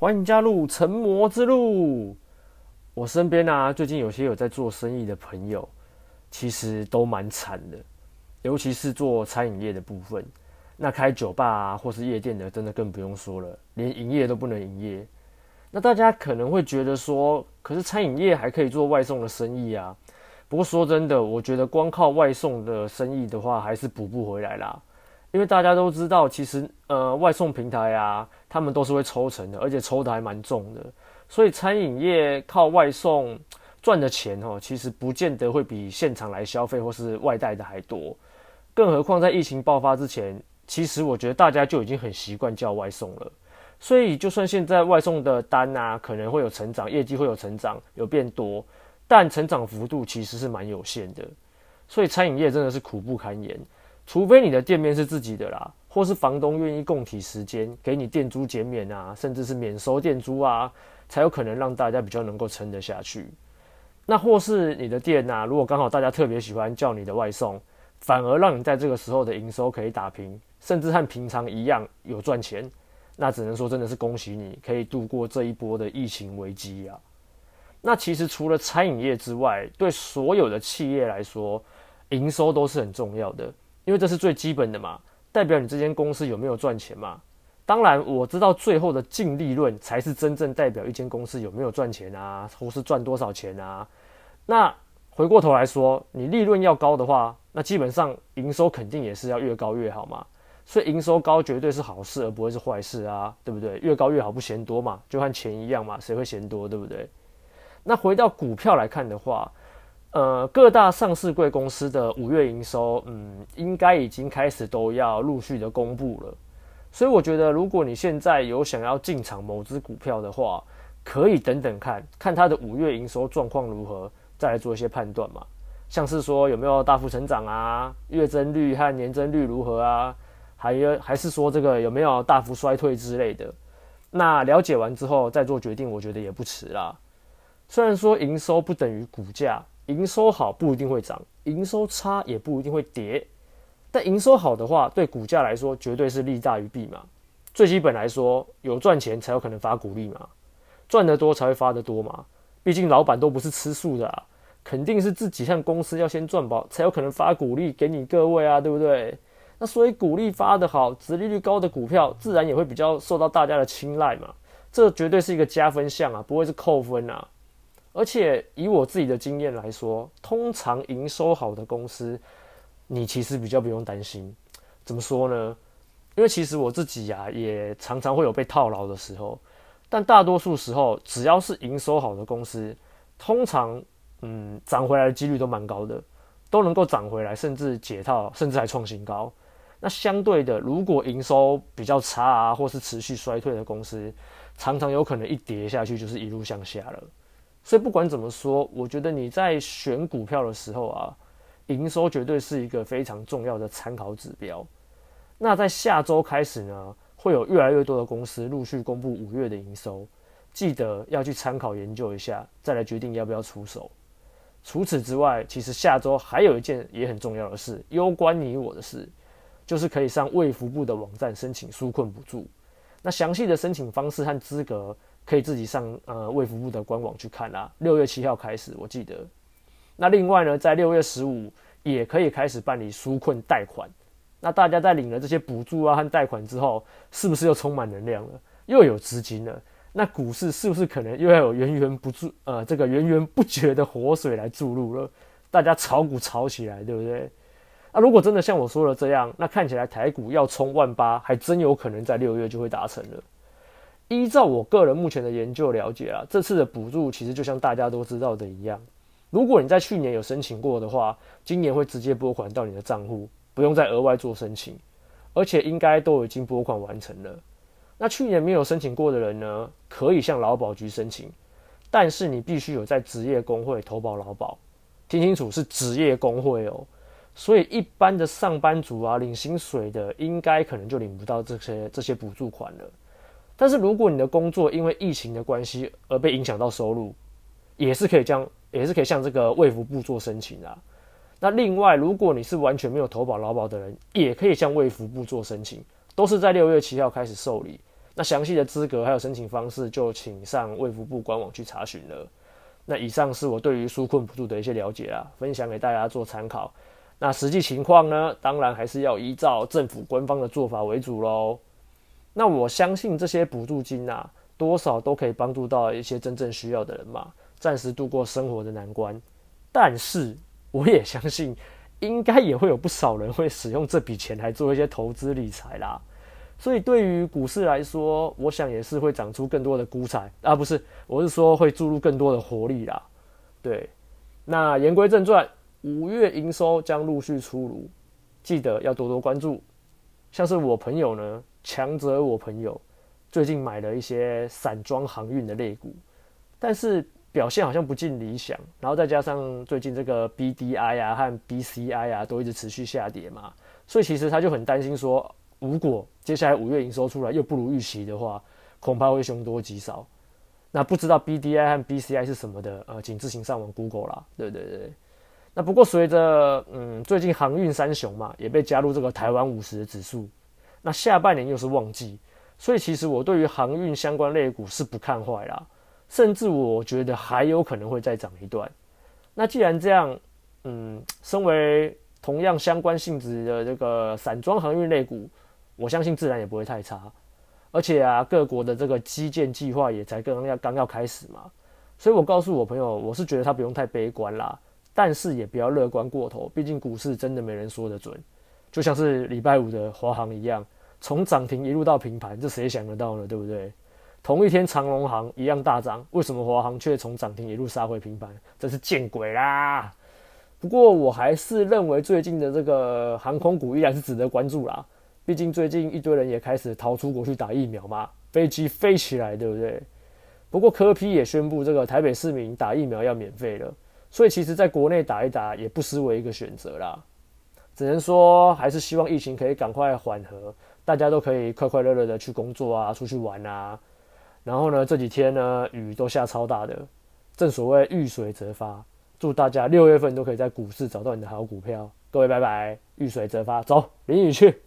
歡迎加入成魔之路。我身邊啊，最近有些有在做生意的朋友，其實都蠻慘的，尤其是做餐飲業的部分。那開酒吧啊，或是夜店的，真的更不用說了，連營業都不能營業。那大家可能會覺得說，可是餐飲業還可以做外送的生意啊。不過說真的，我覺得光靠外送的生意的話，還是補不回來啦。因為大家都知道，其實呃、，外送平台啊，他們都是會抽成的，而且抽得還蠻重的。所以餐飲業靠外送賺的錢哦，其實不見得會比現場來消費或是外帶的還多。更何況在疫情爆發之前，其實我覺得大家就已經很習慣叫外送了。所以就算現在外送的單啊，可能會有成長，業績會有成長，有變多，但成長幅度其實是蠻有限的。所以餐飲業真的是苦不堪言。除非你的店面是自己的啦，或是房東願意共體時艱，給你店租減免啊，甚至是免收店租啊，才有可能讓大家比較能夠撐得下去。那或是你的店吶啊，如果剛好大家特別喜歡叫你的外送，反而讓你在這個時候的營收可以打平，甚至和平常一樣有賺錢，那只能說真的是恭喜你，可以度過這一波的疫情危機啊。那其實除了餐飲業之外，對所有的企業來說，營收都是很重要的。因為這是最基本的嘛，代表你這間公司有沒有賺錢嘛？當然我知道最後的淨利潤才是真正代表一間公司有沒有賺錢啊，或是賺多少錢啊。那回過頭來說，你利潤要高的話，那基本上營收肯定也是要越高越好嘛。所以營收高絕對是好事，而不會是壞事啊，對不對？越高越好，不嫌多嘛，就和錢一樣嘛，誰會嫌多，對不對？那回到股票來看的話。呃，各大上市櫃公司的五月營收，嗯，應該已經開始都要陸續的公布了。所以我覺得，如果你現在有想要進場某隻股票的話，可以等等看看它的五月營收狀況如何，再來做一些判斷嘛。像是說有沒有大幅成長啊，月增率和年增率如何啊，還有還是說這個有沒有大幅衰退之類的。那了解完之後再做決定，我覺得也不遲啦。雖然說營收不等於股價。營收好不一定會漲，營收差也不一定會跌。但營收好的話，對股價來說絕對是利大於弊嘛。最基本來說，有賺錢才有可能發股利嘛，賺得多才會發得多嘛。畢竟老闆都不是吃素的啊，肯定是自己向公司要先賺飽，才有可能發股利給你各位啊，對不對？那所以股利發得好，殖利率高的股票，自然也會比較受到大家的青睞嘛。這絕對是一個加分項啊，不會是扣分啊。而且以我自己的經驗來說，通常營收好的公司，你其實比較不用擔心。怎麼說呢？因為其實我自己呀、啊，也常常會有被套牢的時候。但大多數時候，只要是營收好的公司，通常，嗯，漲回來的幾率都蠻高的，都能夠漲回來，甚至解套，甚至還創新高。那相對的，如果營收比較差啊，或是持續衰退的公司，常常有可能一跌下去就是一路向下了。所以不管怎麼說，我覺得你在選股票的時候啊，營收絕對是一個非常重要的參考指標。那在下周開始呢，會有越來越多的公司陸續公布五月的營收，記得要去參考研究一下，再來決定要不要出手。除此之外，其實下周還有一件也很重要的事，攸關你我的事，就是可以上衛福部的網站申請紓困補助。那詳細的申請方式和資格。可以自己上呃衛福部的官網去看啦、啊。六月七號開始，我記得。那另外呢，在六月十五也可以開始辦理紓困貸款。那大家在領了這些補助啊和貸款之後，是不是又充滿能量了？又有資金了？那股市是不是可能又要有源源不注呃這個源源不絕的活水來注入了？大家炒股炒起來，對不對？那、啊、如果真的像我說的這樣，那看起來台股要衝萬八，還真有可能在六月就會達成了。依照我個人目前的研究了解啊，這次的補助其實就像大家都知道的一樣，如果你在去年有申請過的話，今年會直接撥款到你的賬戶，不用再額外做申請，而且應該都已經撥款完成了。那去年沒有申請過的人呢，可以向勞保局申請，但是你必須有在職業工會投保勞保，聽清楚是職業工會哦。所以一般的上班族啊，領薪水的應該可能就領不到這些這些補助款了。但是如果你的工作因為疫情的關係而被影響到收入，也是可以將，也是可以向這個衛福部做申請啊。那另外，如果你是完全沒有投保勞保的人，也可以向衛福部做申請，都是在六月七號開始受理。那詳細的資格還有申請方式，就請上衛福部官網去查詢了。那以上是我對於紓困補助的一些了解啦，分享給大家做參考。那實際情況呢，當然還是要依照政府官方的做法為主嘍。那我相信這些補助金啊，多少都可以幫助到一些真正需要的人嘛，暫時度過生活的難關。但是，我也相信，應該也會有不少人會使用這筆錢來做一些投資理財啦。所以，對於股市來說，我想也是會長出更多的股彩啊，不是，我是說會注入更多的活力啦。對，那言歸正傳，五月營收將陸續出爐，記得要多多關注。像是我朋友呢。強者，強我朋友最近買了一些散裝航運的類股，但是表現好像不盡理想。然後再加上最近這個 BDI 啊和 BCI 啊都一直持續下跌嘛，所以其實他就很擔心說，如果接下來五月營收出來又不如預期的話，恐怕會凶多吉少。那不知道 BDI 和 BCI 是什麼的呃，請自行上網 Google 啦。對，對對對。那不過隨着嗯最近航運三雄嘛也被加入這個台灣五十的指數。那下半年又是旺季，所以其實我對於航運相關類股是不看壞啦，甚至我覺得還有可能會再漲一段。那既然這樣，嗯，身為同樣相關性質的這個散裝航運類股，我相信自然也不會太差。而且啊，各國的這個基建計劃也才剛剛要剛要開始嘛，所以我告訴我朋友，我是覺得他不用太悲觀啦，但是也不要樂觀過頭，畢竟股市真的沒人說得準。就像是禮拜五的華航一樣，從漲停一路到平盤，這誰想得到呢？對不對？同一天長榮航一樣大漲，為什麼華航卻從漲停一路殺回平盤？真是見鬼啦！不過我還是認為最近的這個航空股依然是值得關注啦。畢竟最近一堆人也開始逃出國去打疫苗嘛，飛機飛起來，對不對？不過柯 P 也宣布這個台北市民打疫苗要免費了，所以其實在國內打一打也不失為一個選擇啦。只能說，還是希望疫情可以趕快緩和，大家都可以快快樂樂的去工作啊，出去玩啊。然後呢，這幾天呢，雨都下超大的，正所謂遇水則發。祝大家六月份都可以在股市找到你的好股票。各位，拜拜！遇水則發，走，淋雨去。